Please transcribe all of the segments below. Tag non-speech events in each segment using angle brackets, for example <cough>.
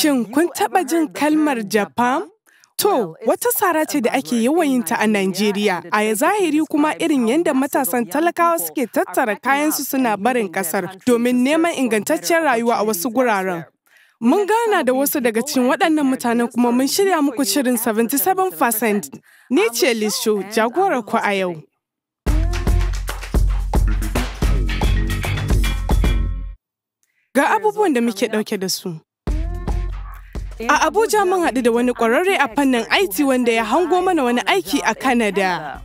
Shin kun taɓa jin kalmar Japan? To, wata tsara ce da ake yawan yin a Najeriya, a ya zahiri kuma irin yadda matasan talakawa suke tattara kayansu suna barin ƙasar domin neman ingantaccen rayuwa a wasu guraren. Mun gana da wasu daga cikin waɗannan mutanen kuma mun shirya muku shirin 77%. Ni ce Lisho, jagorar ku a yau. Ga abubuwan da muke ɗauke da su. A Abuja mun haɗu da wani ƙwararre a fannin IT wanda ya hango mana wani aiki a Canada.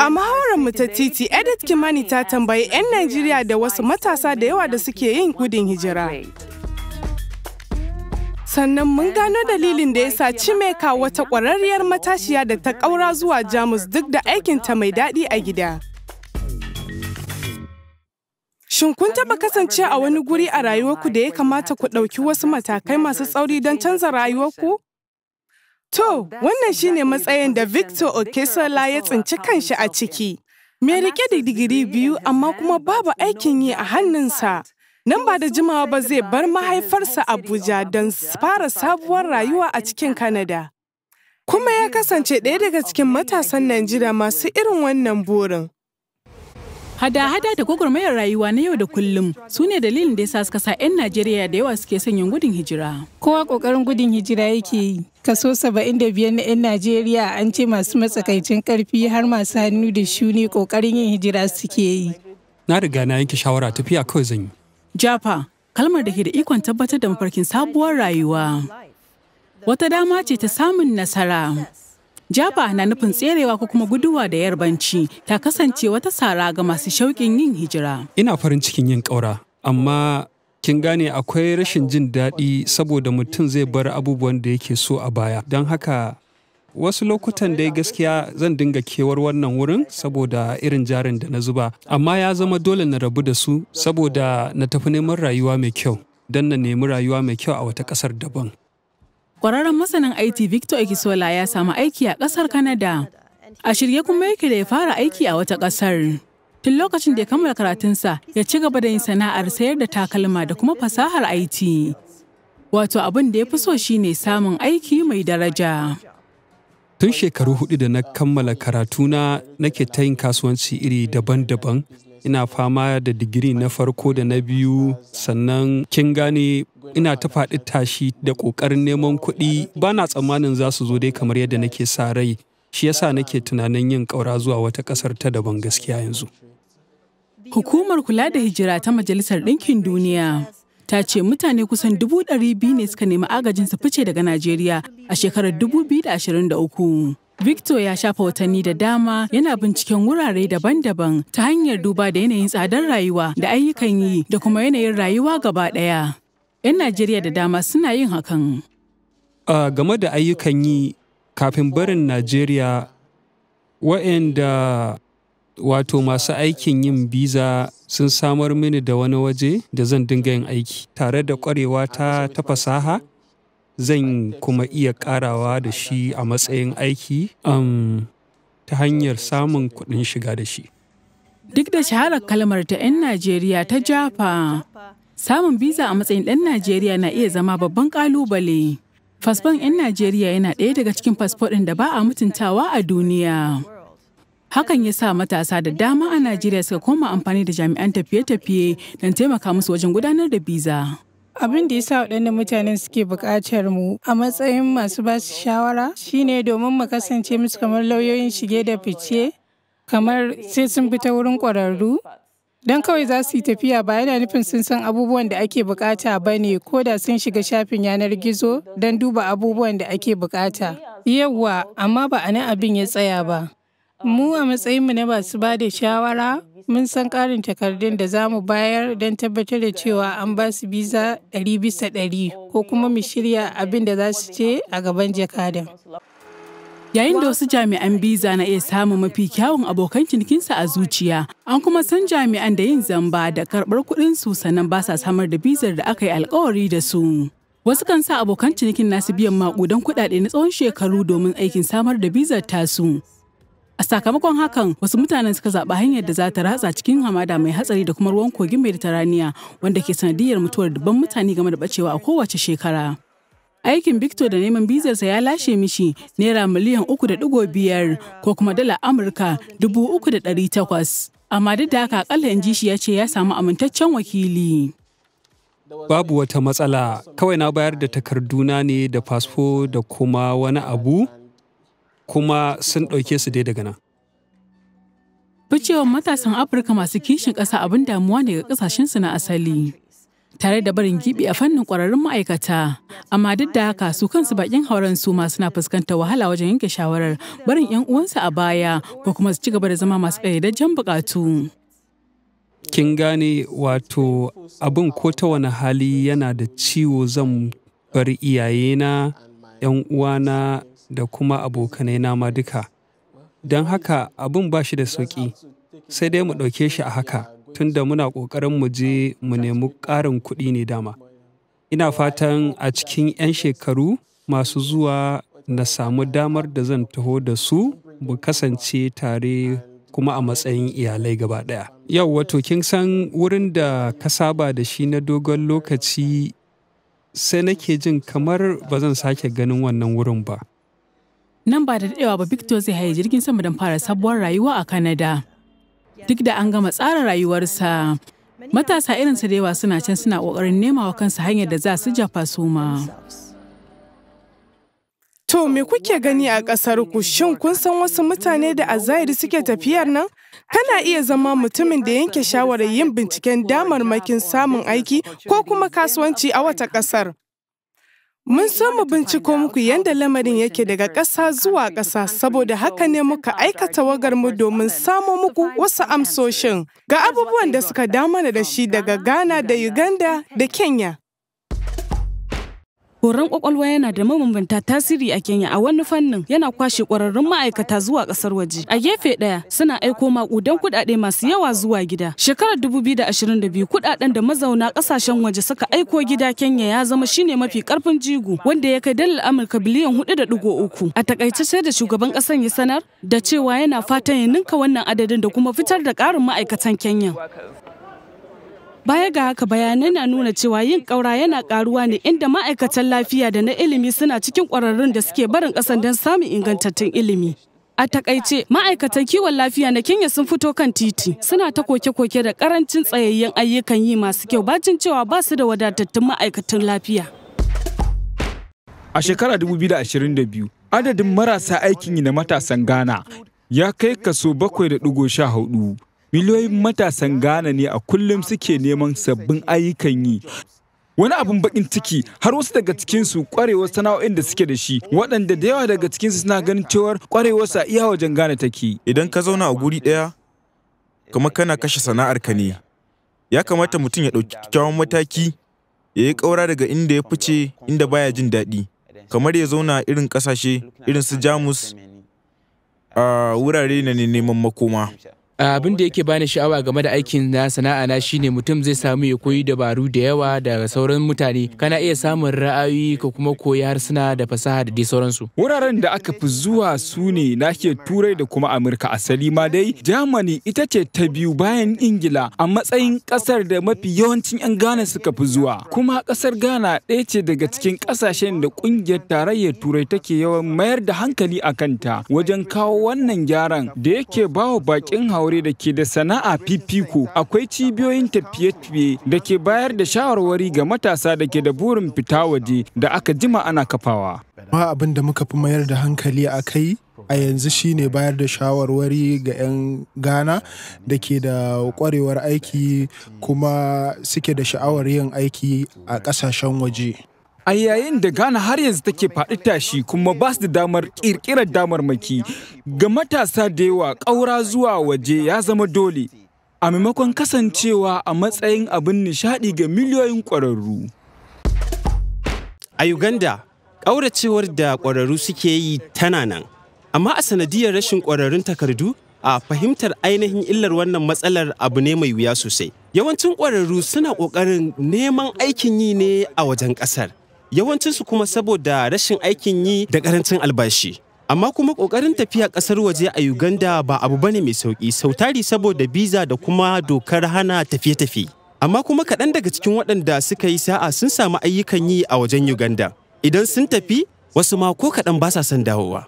A mu ta titi, Edith Kimani ta tambayi 'yan Najeriya da wasu matasa da yawa da suke yin gudun hijira. Sannan mun gano dalilin da ya sa Chimeka wata ƙwararriyar matashiya da ta ƙaura zuwa Jamus duk da aikinta mai daɗi a gida. Shin kun taɓa kasance a wani guri a rayuwarku da ya kamata ku ɗauki wasu matakai masu tsauri don canza rayuwarku? To, wannan shine matsayin da Victor Okesola ya tsinci kanshi a ciki. Mai rike da digiri biyu amma kuma babu aikin yi a hannunsa. Nan ba da jimawa ba zai bar mahaifarsa Abuja don fara sabuwar rayuwa a cikin Kanada. Kuma ya kasance ɗaya daga cikin matasan Najeriya masu irin wannan burin. Hada-hada da gwagwarmayar rayuwa na yau da kullum su ne dalilin da yasa suka sa 'yan Najeriya da yawa suke son yin gudun hijira. Kowa ƙoƙarin gudun hijira yake yi. Kaso 75 na 'yan Najeriya an ce masu matsakaicin ƙarfi har masu hannu da shuni ƙoƙarin yin hijira suke yi. Na riga na yanke shawara tafiya kawai zan yi. Jafa kalmar da ke da ikon tabbatar da mafarkin sabuwar rayuwa. Wata dama ce ta samun nasara. Jaba na nufin tserewa ko kuma guduwa da yarbanci ta kasance wata sara ga masu shauƙin yin hijira. Ina farin cikin yin ƙaura, amma kin gane akwai rashin jin daɗi saboda mutum zai bar abubuwan da yake so a baya. Don haka wasu lokutan dai gaskiya zan dinga kewar wannan wurin saboda irin jarin da na zuba amma ya zama dole na rabu da su saboda na tafi neman rayuwa mai kyau don na nemi rayuwa mai kyau a wata ƙasar daban Ƙwararren masanin IT Victor Ekisola ya samu aiki a ƙasar Kanada. A shirye kuma yake da ya fara aiki a wata ƙasar. Tun lokacin da ya kammala karatunsa ya ci gaba da yin sana'ar sayar da takalma da kuma fasahar IT. Wato abin da ya fi so shi ne samun aiki mai daraja. Tun shekaru hudu da na kammala karatuna nake ta yin kasuwanci iri daban-daban ina fama da digiri na farko da na biyu sannan kin gane ina ta faɗi tashi da ƙoƙarin neman kuɗi ba na tsammanin za su zo dai kamar yadda nake sa rai shi yasa nake tunanin yin ƙaura zuwa wata ƙasar ta daban gaskiya yanzu. Hukumar kula da hijira ta Majalisar Ɗinkin Duniya ta ce mutane kusan dubu ɗari biyu ne suka nemi agajin su fice daga Najeriya a shekarar dubu biyu da da ashirin uku. Victor ya shafa watanni da dama yana binciken wurare daban-daban ta hanyar duba da yanayin tsadar rayuwa da ayyukan yi da kuma yanayin rayuwa gaba ɗaya. 'Yan Najeriya da dama suna yin hakan. game da ayyukan yi kafin barin Najeriya waɗanda wato masu aikin yin biza sun samar mini da wani waje da zan dinga yin aiki tare da ƙwarewa ta fasaha zan kuma iya karawa da shi a matsayin aiki um, ta hanyar samun kuɗin shiga da shi. Duk da shaharar kalmar ta 'yan Najeriya ta Jafa, samun biza a matsayin ɗan Najeriya na iya zama babban ƙalubale. Fasfon 'yan Najeriya yana ɗaya daga cikin fasfoɗin da ba a mutuntawa a duniya. Hakan ya sa matasa da dama a Najeriya suka koma amfani da jami'an tafiye-tafiye don taimaka musu wajen gudanar da biza. Abin da ya sa waɗannan mutanen suke buƙatar mu a matsayin masu ba su shawara shine domin mu kasance musu kamar lauyoyin shige da fice, kamar sai sun fita wurin ƙwararru. Don kawai za su yi tafiya ba yana nufin sun san abubuwan da ake buƙata ba ne ko da sun shiga shafin yanar gizo don duba abubuwan da ake buƙata. Yawwa, amma ba a nan abin ya tsaya ba. Mu a matsayinmu na masu ba da shawara, mun san ƙarin takardun da za mu bayar don tabbatar da cewa an ba su biza ɗari bisa ɗari ko kuma mu shirya abin da za su ce a gaban jakadan. Yayin da wasu jami'an biza na iya samun mafi kyawun abokan cinikinsa a zuciya, an kuma san jami'an da yin zamba da karɓar kuɗinsu sannan ba sa samar da bizar da aka yi alkawari da su. Wasu kan sa abokan cinikin nasu biyan maƙudan kuɗaɗe na tsawon shekaru domin aikin samar da bizar tasu. A sakamakon hakan wasu mutanen suka zaɓa hanyar da za ta ratsa cikin hamada mai hatsari da kuma ruwan kogin Mediterania wanda ke sanadiyar mutuwar dubban mutane game da bacewa a kowace shekara. Aikin Victor da neman bizarsa ya lashe mishi naira miliyan uku da digo biyar ko kuma dala Amurka dubu uku da ɗari takwas. Amma duk da haka akalla in ji shi ya ce ya samu amintaccen wakili. Babu wata matsala, kawai na bayar da takarduna ne da fasfo da kuma wani abu kuma sun ɗauke su dai daga nan. Ficewar matasan Afirka masu kishin ƙasa abin damuwa ne ga ƙasashensu na asali. Tare da barin gibi a fannin ƙwararrun ma'aikata, amma duk da haka su kansu bakin hauren su ma suna fuskantar wahala wajen yanke shawarar barin 'yan uwansu a baya ko kuma su ci gaba da zama masu ƙayyadajjen buƙatu. Kin gane wato abin ko ta wani hali yana da ciwo zan bar iyayena, 'yan uwana da kuma abokanai nama duka. Don haka abin ba shi da sauƙi, sai dai mu ɗauke shi a haka, tunda muna ƙoƙarin mu je mu nemi ƙarin kuɗi ne dama. Ina fatan a cikin 'yan shekaru masu zuwa na samu damar da zan taho da su mu kasance tare kuma a matsayin iyalai gaba ɗaya. Yau wato kin san wurin da ka saba da shi na dogon lokaci sai nake jin kamar ba zan sake ganin wannan wurin ba. Nan ba da daɗewa ba Victor zai haye jirgin sama don fara sabuwar rayuwa a Kanada. Duk da an gama tsara rayuwarsa, matasa irinsa da yawa suna can suna ƙoƙarin nema wa kansu hanyar da za su jafa su ma. To me kuke gani a ƙasar ku shin kun san wasu mutane da a zahiri suke tafiyar nan? Kana iya zama mutumin da yanke shawarar yin binciken damarmakin samun aiki ko kuma kasuwanci a wata ƙasar. Mun so mu binciko muku yadda lamarin yake daga ƙasa zuwa ƙasa saboda haka ne muka aikata wagar mu domin samo muku wasu amsoshin ga abubuwan da suka damana da shi daga Ghana da Uganda da Kenya. Horon kwakwalwa yana da mabambanta tasiri a Kenya a wani fannin yana kwashe kwararrun ma'aikata zuwa kasar waje. A gefe ɗaya suna aiko maƙudan kuɗaɗe masu yawa zuwa gida. Shekarar 2022 kuɗaɗen da mazauna ƙasashen waje suka aiko gida Kenya ya zama shine mafi ƙarfin jigo wanda ya kai dalar Amurka biliyan 4.3. A takaice sai da shugaban ƙasar ya sanar da cewa yana fatan ya ninka wannan adadin da kuma fitar da ƙarin ma'aikatan Kenya. Baya ga haka bayanan na nuna cewa yin ƙaura yana ƙaruwa ne inda ma'aikatan lafiya da na ilimi suna cikin ƙwararrun da suke barin ƙasan don samun ingantattun ilimi. A takaice ma'aikatan kiwon lafiya na Kenya sun fito kan titi suna ta koke-koke da karancin tsayayyen ayyukan yi masu kyau bacin cewa ba su da wadatattun ma'aikatan lafiya. A shekara 2022 adadin marasa aikin yi na matasan Ghana ya kai kaso bakwai da 7.14 miliyoyin matasan Ghana ne a kullum suke neman sabbin ayyukan yi. Wani abin bakin ciki har wasu daga cikinsu kwarewar sana'o'in da suke da shi waɗanda da yawa daga cikinsu suna ganin cewar kwarewarsa iya wajen Ghana take. Idan ka zauna a guri ɗaya kamar kana kashe sana'arka ne. Ya kamata mutum ya dauki kyakkyawan mataki ya yi ƙaura daga inda ya fice inda baya jin daɗi. Kamar ya zauna irin ƙasashe irin su Jamus a wurare na neman makoma. abin da yake bani sha'awa game da aikin na sana'a na shine mutum zai samu ya koyi dabaru da yawa daga sauran mutane kana iya samun ra'ayi ka kuma koyi harsuna da fasaha da dai sauransu wuraren da aka fi zuwa su ne nake turai da kuma amurka asali ma dai germany ita ce ta biyu bayan ingila a matsayin kasar da mafi yawancin yan ghana suka fi zuwa kuma kasar ghana ɗaya ce daga cikin kasashen da kungiyar tarayyar turai take yawan mayar da hankali a kanta wajen kawo wannan gyaran da yake bawa bakin hawa aure da ke da sana'a fifiko akwai cibiyoyin tafiye-tafiye da ke bayar da shawarwari ga matasa da ke da burin fita waje da aka jima ana kafawa. Ma abin da muka fi mayar da hankali a kai a yanzu shine bayar da shawarwari ga 'yan Ghana da ke da kwarewar aiki kuma suke da sha'awar yin aiki a ƙasashen waje. a yayin da Ghana har yanzu take faɗi tashi kuma ba su da damar ƙirƙirar damarmaki ga matasa da yawa ƙaura zuwa waje ya zama dole a maimakon kasancewa a matsayin abin nishaɗi ga miliyoyin ƙwararru. A Uganda, ƙauracewar da ƙwararru suke yi tana nan, amma a sanadiyar rashin ƙwararrun takardu a fahimtar ainihin illar wannan matsalar abu ne mai wuya sosai. Yawancin ƙwararru suna ƙoƙarin neman aikin yi ne a wajen ƙasar. yawancinsu kuma saboda rashin aikin yi da karancin albashi. Amma kuma ƙoƙarin tafiya ƙasar waje a Uganda ba abu bane mai sauƙi sautari saboda biza da kuma dokar hana tafiye-tafiye. Amma kuma kaɗan daga cikin waɗanda suka yi sa'a sun samu ayyukan yi a wajen Uganda. Idan sun tafi, wasu ma ko kaɗan ba sa son dawowa.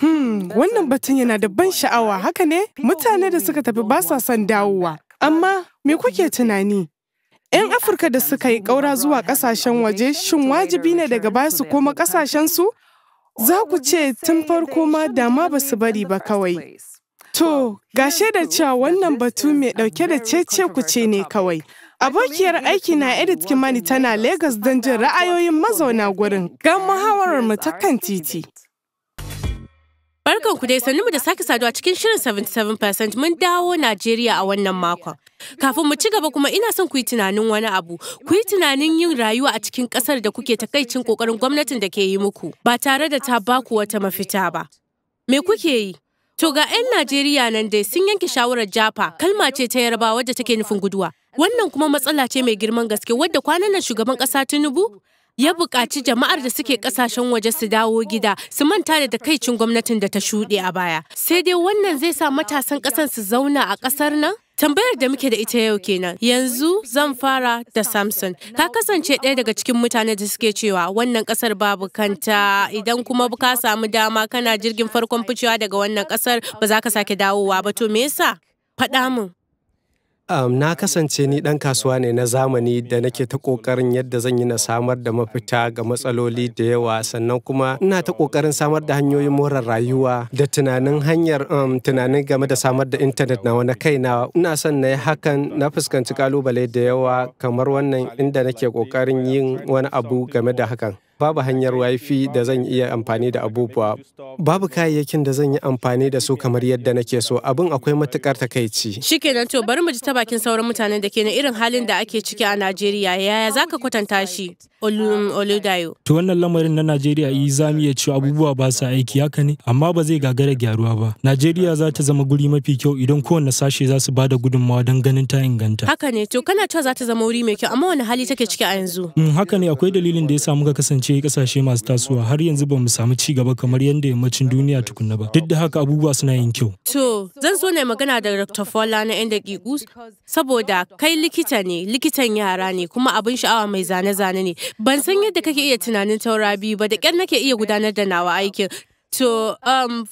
Hmm, wannan batun yana da ban sha'awa haka ne? Mutane da suka tafi ba sa son dawowa. Amma me kuke tunani? 'Yan Afirka da suka yi ƙaura zuwa ƙasashen waje shin wajibi ne daga baya su koma su? Za ku ce tun farko ma dama ba su bari ba kawai. To, ga da cewa wannan batu mai ɗauke da cece ku ce ne kawai. Abokiyar aiki na Edith Kimani tana Legas don jin ra'ayoyin mazauna gurin ga muhawarar mu ta kan titi. Barkan ku dai sannu mu da sake saduwa cikin shirin 77% mun dawo Najeriya a wannan makon. Kafin mu ci gaba kuma ina son ku yi tunanin wani abu. Ku yi tunanin yin rayuwa a cikin kasar da kuke takaicin kokarin gwamnatin da ke yi muku ba tare da ta baku wata mafita ba. Me kuke yi? To ga 'yan Najeriya nan dai sun yanke shawarar jafa kalma ce ta yarbawa wadda take nufin guduwa. Wannan kuma matsala ce mai girman gaske wadda kwanan nan shugaban ƙasa Tinubu ya buƙaci jama'ar da suke ƙasashen waje su dawo gida su manta da takaicin gwamnatin da ta shuɗe a baya. Sai dai wannan zai sa matasan ƙasan su zauna a ƙasar nan? Tambayar da muke da ita yau kenan. Yanzu zan fara da Samson. Ka kasance ɗaya daga cikin mutane da suke cewa wannan ƙasar babu kanta idan kuma ka samu dama kana jirgin farkon ficewa daga wannan ƙasar ba za ka sake dawowa ba to me yasa? Faɗa min. Um, na kasance ni ɗan kasuwa ne na zamani da nake ta ƙoƙarin yadda zan yi na samar da mafita ga matsaloli da yawa sannan kuma ina ta ƙoƙarin samar da hanyoyin more rayuwa da tunanin hanyar um, tunanin game da samar da intanet na wani kaina ina son na yi hakan na fuskanci ƙalubale da yawa kamar wannan inda nake ƙoƙarin yin wani abu game da hakan. babu hanyar wifi da zan iya amfani da abubuwa babu kayayyakin da zan yi amfani da su kamar yadda nake so abin akwai matukar takaici shikenan to bari mu ji ta bakin sauran mutanen da ke na irin halin da ake ciki a Najeriya yaya zaka kwatanta shi Oludayo to wannan lamarin na Najeriya yi eh, zamu iya cewa abubuwa ba su aiki haka ne amma ba zai gagara gyaruwa ba Najeriya za ta zama guri mafi kyau idan kowanne sashe za su bada gudunmawa don ganin ta inganta haka ne to kana cewa za ta zama wuri mai kyau amma wani hali take ciki a yanzu mm, haka ne akwai dalilin da ya sa muka kasance kasance kasashe masu tasowa har yanzu ba mu samu ci gaba kamar yadda yammacin duniya tukunna ba duk da haka abubuwa suna yin kyau to zan so ne magana da dr fola na yan dakiku saboda kai likita ne likitan yara ne kuma abin sha'awa mai zane-zane ne ban san yadda kake iya tunanin taura biyu ba da ƙyar nake iya gudanar da nawa aikin To, um,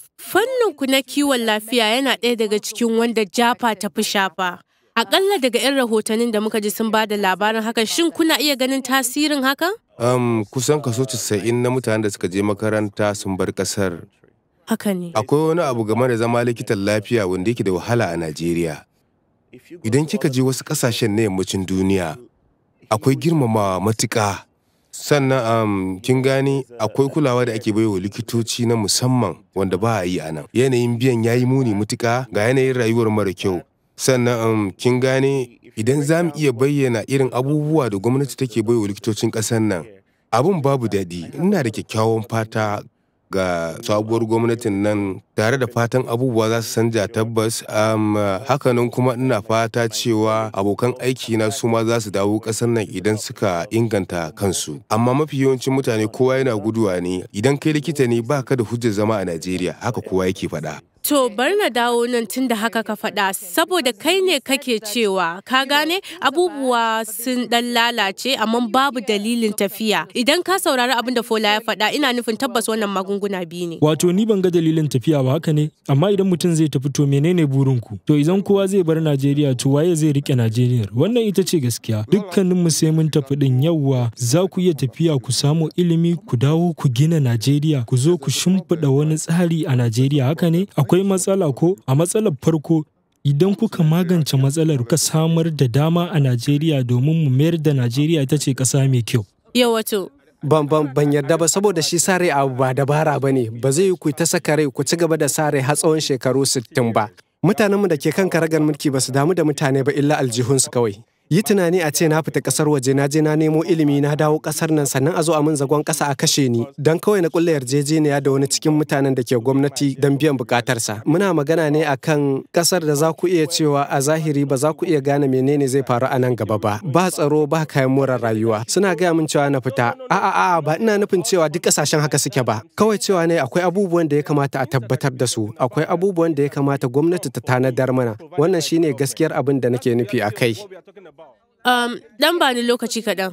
ku na kiwon lafiya yana ɗaya daga cikin wanda jafa ta fi shafa. Akalla daga 'yan rahotannin da muka ji sun ba da labarin hakan shin kuna iya ganin tasirin hakan? Um, kusan kaso 90 na mutane da suka je makaranta sun bar kasar. Haka ne. Akwai wani abu game da zama likitan lafiya wanda yake da wahala a Najeriya. Idan kika je wasu kasashen na yammacin duniya, akwai girmamawa matuƙa. Sannan um, kin gani akwai kulawa da ake baiwa likitoci na musamman wanda ba a yi a nan. Yanayin biyan ya yi muni matuƙa ga yanayin rayuwar mara kyau. Sannan um, kin gane idan za mu iya bayyana irin abubuwa da gwamnati take baiwa likitocin ƙasar nan, abin babu daɗi. Ina da kyakkyawan fata ga sabuwar gwamnatin nan tare da fatan abubuwa za su canja tabbas um, hakanan kuma ina fata cewa abokan aiki na su ma za su dawo ƙasar nan idan suka inganta kansu amma mafi yawancin mutane kowa yana guduwa ne idan kai likita ne baka da hujjar zama a najeriya haka kowa yake faɗa To bar na dawo nan tun da haka ka faɗa saboda kai ne kake cewa ka gane abubuwa sun ɗan lalace amma babu dalilin tafiya. Idan ka saurari abin da Fola ya faɗa ina nufin tabbas wannan magunguna biyu ne. Wato ni ban ga dalilin tafiya ba haka ne amma idan mutum zai tafi to menene burinku? To idan kowa zai bar Najeriya to waye zai rike Najeriya? Wannan ita ce gaskiya. Dukkanin mu sai mun tafi din yawwa za ku iya tafiya ku samu ilimi ku dawo ku gina Najeriya ku zo ku shimfiɗa wani tsari a Najeriya haka ne? akwai matsala ko a matsalar farko idan kuka magance matsalar ka samar da dama a Najeriya domin mu mayar da Najeriya ita ce kasa mai kyau. Yawato. Ban ban ban yarda ba saboda shi sare abu ba dabara ba ne ba zai ku ta saka rai ku ci gaba da sare har tsawon shekaru sittin ba. Mutanenmu da ke kan karagar mulki ba su damu da mutane ba illa aljihunsu kawai. yi tunani a ce na fita kasar waje na je na nemo ilimi na dawo kasar nan sannan a zo a min zagon kasa a kashe ni dan kawai na kulle yarjejeniya da wani cikin mutanen da ke gwamnati dan biyan bukatarsa muna magana ne akan kasar da za ku iya cewa a zahiri ba za ku iya gane menene zai faru a nan gaba ba ba tsaro ba kayan more rayuwa suna gaya min cewa na fita a'a a ba ina nufin cewa duk kasashen haka suke ba kawai cewa ne akwai abubuwan da ya kamata a tabbatar da su akwai abubuwan da ya kamata gwamnati ta tanadar mana wannan shine gaskiyar abin da nake nufi a Um, ɗan ba ni lokaci kaɗan.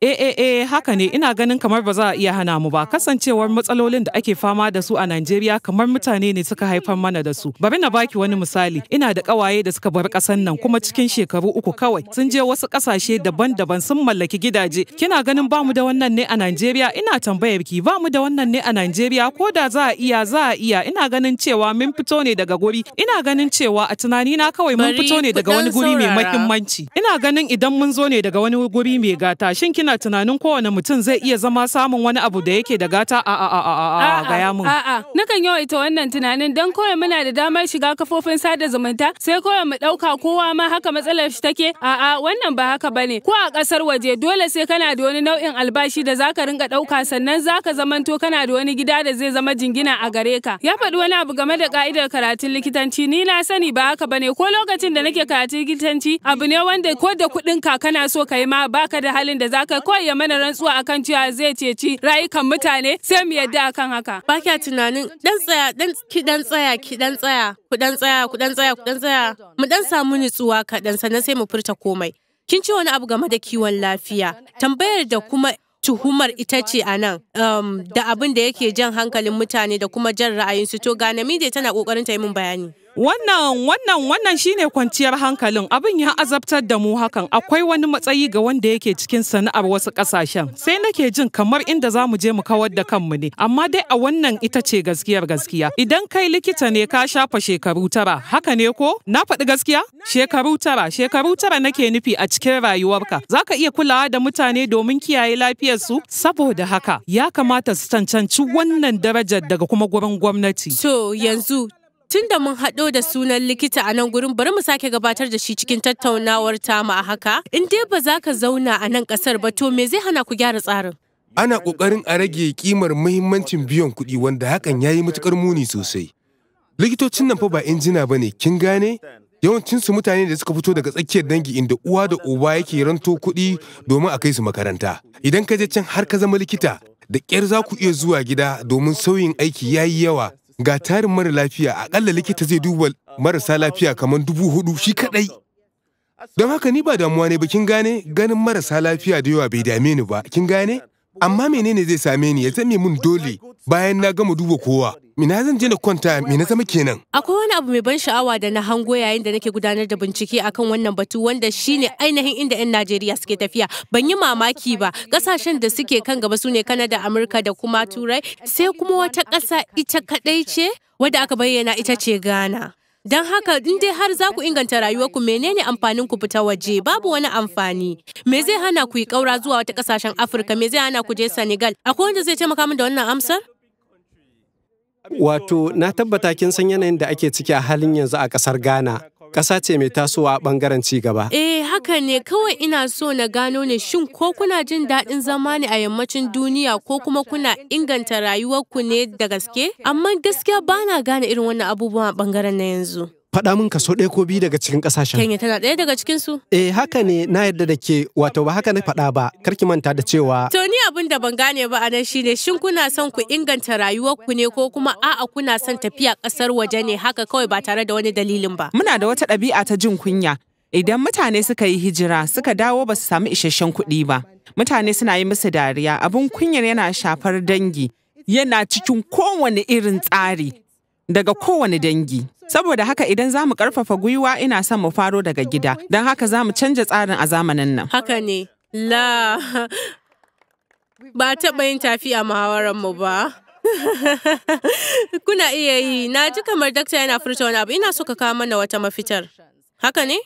E haka ne ina ganin kamar ba za a iya hana mu ba kasancewar matsalolin da ake fama da su a Najeriya kamar mutane ne suka haifar mana da su. Bari na baki wani misali ina da kawaye da suka bar kasan nan kuma cikin shekaru uku kawai sun je wasu kasashe daban-daban sun mallaki gidaje. Kina ganin bamu da wannan ne a Najeriya ina tambayar ki bamu da wannan ne a Najeriya ko da za a iya za a iya ina ganin cewa mun fito ne daga guri ina ganin cewa a tunani na kawai mun fito ne daga wani guri mai muhimmanci. Ina ganin idan mun zo ne daga wani guri mai gata shin kina tunanin kowane mutum zai iya zama samun wani abu da yake da gata a a a a gaya mun a'a nakan yawaita wannan tunanin don kawai muna da damar shiga kafofin sada zumunta sai kawai mu ɗauka kowa ma haka matsalar shi take a'a wannan ba haka bane ko a kasar waje dole sai kana da wani nau'in albashi da zaka rinka ɗauka sannan zaka zamanto kana da wani gida da zai zama jingina a gare ka ya faɗi wani abu game da ka'idar karatun likitanci ni na sani ba haka bane ko lokacin da nake karatun likitanci abu ne wanda ko da kuɗin ka kana so ka yi ma baka da halin da zaka sa kawai ya mana rantsuwa akan cewa zai ceci rayukan mutane sai mu yadda akan haka. Ba kya tunanin dan tsaya dan ki dan tsaya ki dan tsaya ku dan tsaya ku dan tsaya ku dan tsaya mu dan samu nutsuwa kaɗan sannan sai mu furta komai. Kin ce wani abu game da kiwon lafiya tambayar da kuma tuhumar ita ce a nan um, da abin da yake jan hankalin mutane da kuma jan ra'ayinsu to ga namide tana kokarin ta yi min bayani. Wannan wannan wannan shine kwanciyar hankalin abin ya azabtar da mu hakan akwai wani matsayi ga wanda yake cikin sana'ar wasu kasashen sai nake jin kamar inda za mu je mu kawar da kanmu ne amma dai a wannan ita ce gaskiyar gaskiya idan kai likita ne ka shafa shekaru tara haka ne ko na faɗi gaskiya shekaru tara shekaru tara nake nufi a cikin rayuwarka zaka iya kulawa da mutane domin kiyaye lafiyar su saboda haka ya kamata su cancanci wannan darajar daga kuma gurin gwamnati. To yanzu tun da mun haɗo da sunan likita a nan gurin bari mu sake gabatar da shi cikin tattaunawar tamu a haka in dai ba za ka zauna a nan kasar ba to me zai hana ku gyara tsarin ana ƙoƙarin a rage kimar muhimmancin biyan kuɗi wanda hakan ya yi matuƙar muni sosai likitocin nan fa ba injina ba ne kin gane yawancinsu mutane da suka fito daga tsakiyar dangi inda uwa da uba yake ranto kuɗi domin a kai su makaranta idan ka je can har ka zama likita da kyar za ku iya zuwa gida domin sauyin aiki yayi yawa ga tarin mara lafiya akalla likita zai duba marasa lafiya kamar dubu hudu shi kadai don haka ni ba damuwa ne ba kin gane ganin marasa lafiya da yawa bai dame ni ba kin gane amma menene zai same ni ya zame mun dole bayan na gama duba kowa Mina zan je na kwanta me na zama kenan. Akwai wani abu mai ban sha'awa da na hango yayin da nake gudanar da bincike akan wannan batu wanda shine ainihin inda 'yan Najeriya suke tafiya. Ban yi mamaki ba. Kasashen da suke kan gaba sune Kanada, Amurka da kuma Turai. Sai kuma wata ƙasa ita kaɗai ce wadda aka bayyana ita ce Ghana. Don haka in dai har za ku inganta rayuwarku menene amfanin ku fita waje babu wani amfani. Me zai hana ku yi ƙaura zuwa wata ƙasashen Afirka me zai hana ku je Senegal. Akwai wanda zai taimaka min da wannan amsar? Wato, na tabbata kin san yanayin da ake ciki a halin yanzu a kasar Ghana. Ƙasa ce mai tasowa a ɓangaren ci gaba. Eh, haka ne kawai ina so na gano ne shin ko kuna jin daɗin zama ne a yammacin duniya ko kuma kuna inganta rayuwarku ne da gaske? Amma gaskiya ba na gane irin wannan abubuwan a ɓangaren na yanzu. faɗa mun kaso ɗaya ko biyu daga cikin ƙasashen. Kenya tana ɗaya daga cikin su. Eh haka ne na yarda da ke wato ba haka na faɗa ba karki manta da cewa. To ni abin da ban gane ba a nan shine shin kuna son ku inganta rayuwarku ne ko kuma a'a kuna son tafiya ƙasar waje ne haka kawai ba tare da wani dalilin ba. Muna da wata ɗabi'a ta jin kunya. Idan mutane suka yi hijira suka dawo ba su samu isasshen kuɗi ba. Mutane suna yi musu dariya abin kunyar yana shafar dangi yana cikin kowane irin tsari daga kowane dangi. Saboda haka idan za mu ƙarfafa gwiwa ina son mu faro daga gida, don haka za mu canja tsarin a zamanin nan. Haka ne, la ba taɓa yin tafi a muhawararmu ba. <laughs> Kuna iya yi, na ji kamar dakta yana furta wani abu, ina so ka kawo mana wata mafitar. Haka ne?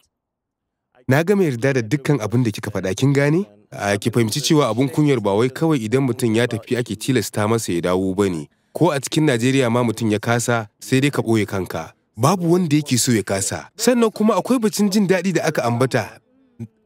Na gama yarda da dukkan abin da kika faɗa kin gane? A ki fahimci cewa abin kunyar ba wai kawai idan mutum ya tafi ake tilasta masa ya dawo ba ne. ko a cikin Najeriya ma mutum ya kasa sai dai ka ɓoye kanka. Babu wanda yake so ya kasa. Sannan kuma akwai bacin jin daɗi da aka ambata.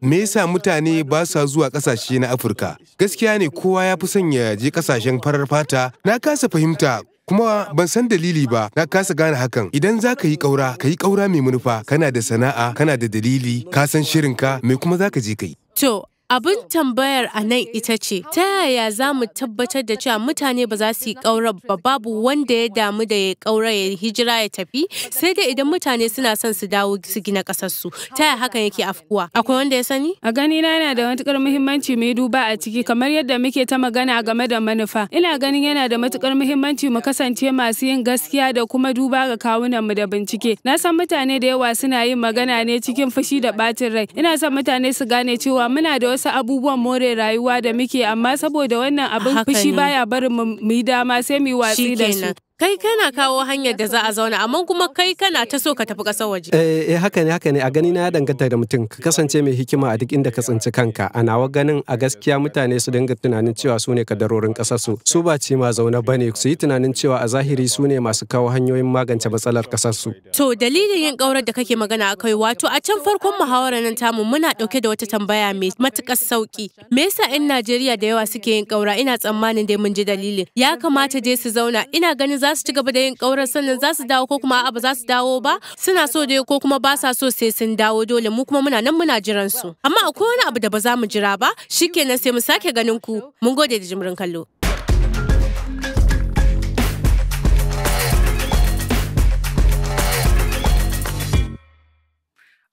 Me yasa mutane ba sa zuwa ƙasashe na Afirka? Gaskiya ne kowa ya fi son ya je ƙasashen farar fata. Na kasa fahimta kuma ban san dalili ba na kasa gane hakan idan za ka yi ƙaura ka yi ƙaura mai manufa kana da sana'a kana da dalili ka san shirinka mai kuma za ka je ka yi. To Abin tambayar a nan ita ce, ta yaya za mu tabbatar da cewa mutane ba za su yi ƙaura ba babu wanda ya damu da ya ƙaura ya hijira ya tafi, sai dai idan mutane suna son su dawo su gina ƙasarsu. Ta yaya hakan yake afkuwa? Akwai wanda ya sani? A gani na yana da matuƙar muhimmanci mai duba a ciki kamar yadda muke ta magana game da manufa. Ina ganin yana da matuƙar muhimmanci mu kasance masu yin gaskiya da kuma duba ga kawunanmu da bincike. Na san mutane da yawa suna yin magana ne cikin fushi da ɓacin rai. Ina son mutane su gane cewa muna da wasu wasu abubuwan more rayuwa da muke amma saboda wannan abin fushi baya barin mu yi dama sai mu yi watsi da su Kai kana kawo hanyar da za a zauna amma kuma kai kana ta so ka tafi ƙasar waje. Eh, eh haka ne haka ne a gani na ya danganta da mutum ka kasance mai hikima a duk inda ka tsinci kanka a nawa ganin a gaskiya mutane su dinga tunanin cewa su ne kadarorin ƙasar su su ba ci ma zaune bane su yi tunanin cewa a zahiri su ne masu kawo hanyoyin magance matsalar ƙasar su. To dalilin yin ƙaurar da kake magana akai wato a can farkon muhawarar nan tamu muna ɗauke da wata tambaya mai matuƙar sauki. Me yasa 'yan Najeriya da yawa suke yin ƙaura ina tsammanin dai mun ji dalilin. Ya kamata dai su zauna ina ganin za su ci gaba da yin ƙaurar sannan za su dawo ko kuma a'a ba za su dawo ba suna so dai ko kuma ba sa so sai sun dawo dole mu kuma muna nan muna jiran su amma akwai wani abu da ba za mu jira ba shikenan sai mu sake ganin ku mun gode da jimrin kallo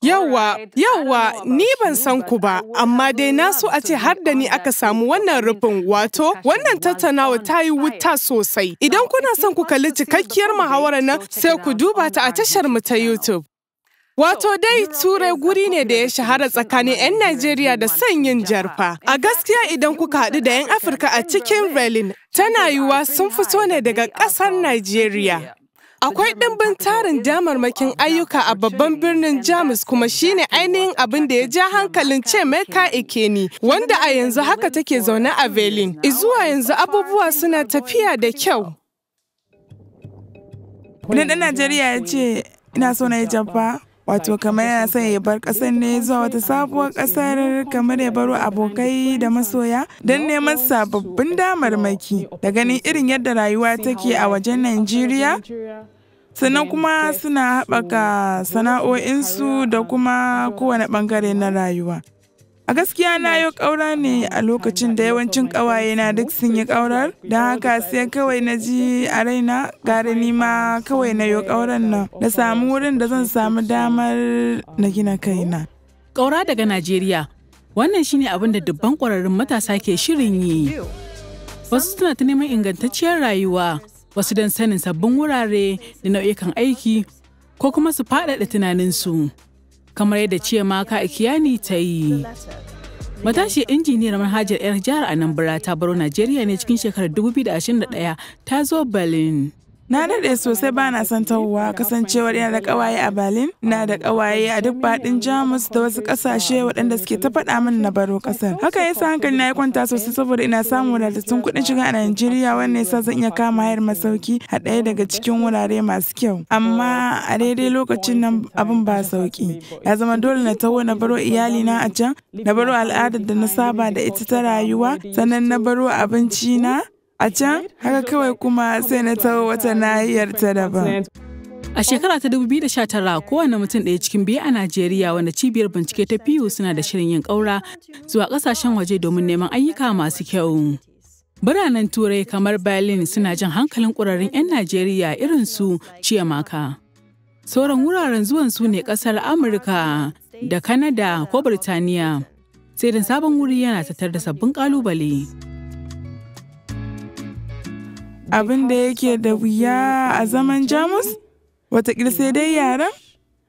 Yawwa, yawwa, ni ban san ku ba, amma dai na so a ce har da ni aka samu wannan rufin wato, wannan tattaunawa ta yi wuta sosai. Idan kuna son ku kalli cikakkiyar muhawara nan sai ku duba ta a tashar mu ta YouTube. Wato dai Turai guri ne da ya shahara tsakanin 'yan Najeriya da son yin jarfa. A gaskiya idan kuka haɗu da 'yan Afirka a cikin Berlin, tana yiwuwa sun fito ne daga ƙasar Najeriya. Akwai ɗimbin tarin damarmakin ayyuka a babban birnin Jamus kuma shine ainihin abin da ya ja hankalin ce Chemeka Ikeni wanda a yanzu haka take zaune a Berlin. Izuwa yanzu abubuwa suna tafiya da kyau. Wani ɗan Najeriya ya ce, ina so na yi jabba. wato kamar yana son ya bar ƙasar ne zuwa wata sabuwar ƙasar kamar ya baro abokai da masoya don neman sababbin damarmaki da ganin irin yadda rayuwa take a wajen Najeriya. sannan kuma suna haɓaka sana'o'insu da kuma kowane ɓangare na rayuwa. A gaskiya na yi ƙaura ne a lokacin da yawancin ƙawaye na duk sun yi ƙaurar, don haka sai kawai na ji a raina gare ni ma kawai na yi ƙauran nan, na samu wurin da zan samu damar na gina kaina. Ƙaura daga Najeriya, wannan shine abin da dubban ƙwararrun matasa ke shirin yi. Wasu suna ta neman ingantacciyar rayuwa, wasu don sanin sabbin wurare da nau'ikan aiki, ko kuma su faɗaɗa tunaninsu. kamar yadda ce ka ikiyani ta yi. Matashi injiniyar manhajar 'yar jihar bara ta baro Najeriya ne cikin shekarar 2021 ta zo Berlin. Na daɗe sosai ba na son tahowa kasancewar yana da ƙawaye a Berlin, na da ƙawaye a duk baɗin Jamus da wasu ƙasashe waɗanda suke ta faɗa min na baro ƙasar. Haka yasa hankali na ya kwanta sosai saboda ina samun wadatattun kuɗin shiga a Najeriya wanda yasa zan iya kama hayar masauki a ɗaya daga cikin wurare masu kyau. Amma a daidai lokacin nan abin ba sauƙi. Ya zama dole na taho na baro iyali na a can, na baro al'adar da na saba da ita ta rayuwa, sannan na baro abinci na A can, haka kawai kuma sai na taho wata nahiyar ta daban. A shekara ta 2019 kowane mutum ɗaya cikin biyu a Najeriya wanda cibiyar bincike ta Pew suna da shirin yin ƙaura zuwa ƙasashen waje domin neman ayyuka masu kyau. Biranen Turai kamar Berlin suna jin hankalin ƙurarin 'yan Najeriya irin su Ciyamaka. Sauran wuraren zuwan su ne ƙasar Amurka da Kanada ko Birtaniya. Sai da sabon wuri yana tattar da sabbin ƙalubale. abin da yake da wuya a zaman Jamus? Wataƙil sai dai yaren?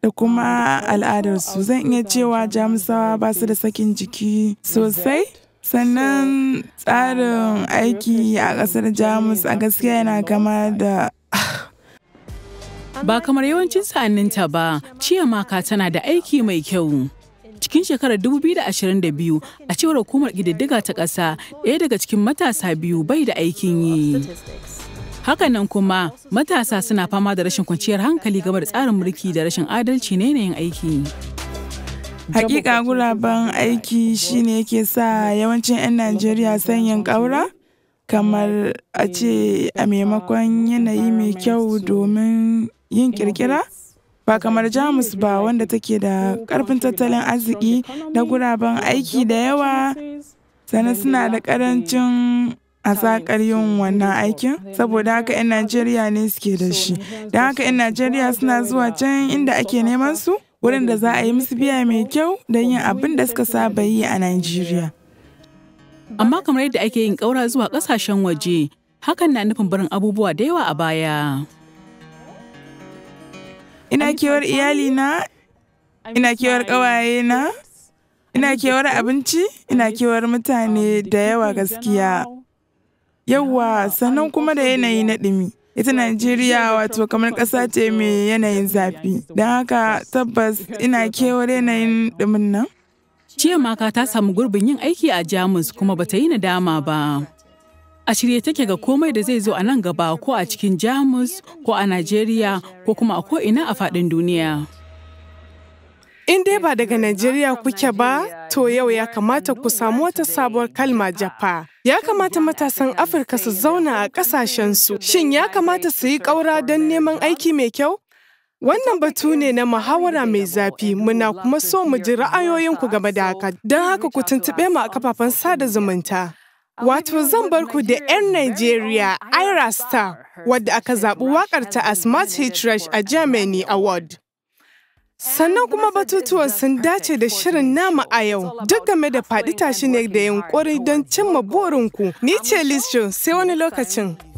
Da kuma al'adarsu zan iya cewa Jamusawa ba su da sakin jiki sosai. Sannan tsarin aiki a ƙasar Jamus a gaskiya yana kama da ba kamar yawancin sa'anninta ba ciyamaka tana da aiki mai kyau cikin shekarar 2022 a cewar hukumar ƙididdiga ta ƙasa ɗaya daga cikin matasa biyu bai da aikin yi. Hakanan kuma matasa suna fama da rashin kwanciyar hankali game da tsarin mulki da rashin adalci na yanayin aiki. Hakika guraben aiki shine yake sa yawancin 'yan Najeriya sanyin ƙaura kamar a ce a maimakon yanayi mai kyau domin yin ƙirƙira? ba kamar jamus ba wanda take da karfin tattalin arziki da guraben aiki da yawa sannan suna da karancin azakar yin wannan aikin saboda haka 'yan najeriya ne suke da shi don haka 'yan najeriya suna zuwa can inda ake neman su wurin da za a yi musu biya mai kyau don yin abin da suka saba yi a najeriya amma kamar yadda ake yin ƙaura zuwa ƙasashen waje hakan na nufin barin abubuwa da yawa a baya ina kewar iyalina ina kewar ƙawayena ina kewar abinci ina kewar mutane um, da yawa gaskiya Yawwa sannan kuma da yanayi na ɗumi ita najeriya wato kamar ƙasa ce mai yanayin zafi don haka tabbas ina kewar yanayin ɗumin nan Jiya maka ta samu gurbin yin aiki a Jamus kuma bata yi nadama ba. a shirye take ga komai da zai zo a nan gaba ko a cikin jamus ko a najeriya ko kuma a ko'ina a faɗin duniya in dai ba daga najeriya kuke ba to yau ya kamata ku samu wata sabuwar kalma jafa ya kamata matasan afirka su zauna a ƙasashensu shin ya kamata su yi ƙaura don neman aiki mai kyau Wannan batu ne na muhawara mai zafi muna kuma so mu ji ra'ayoyinku game da haka don haka ku tuntuɓe mu a kafafen sada zumunta. Wato zan bar ku da 'yan Najeriya Ira Star wadda aka zaɓi waƙarta a Smart Hit Rush a Germany Award. Sannan kuma batutuwan sun dace da shirin nama a yau duk game da faɗi tashi ne da yunƙuri don cimma burinku. Ni ce Liz sai wani lokacin.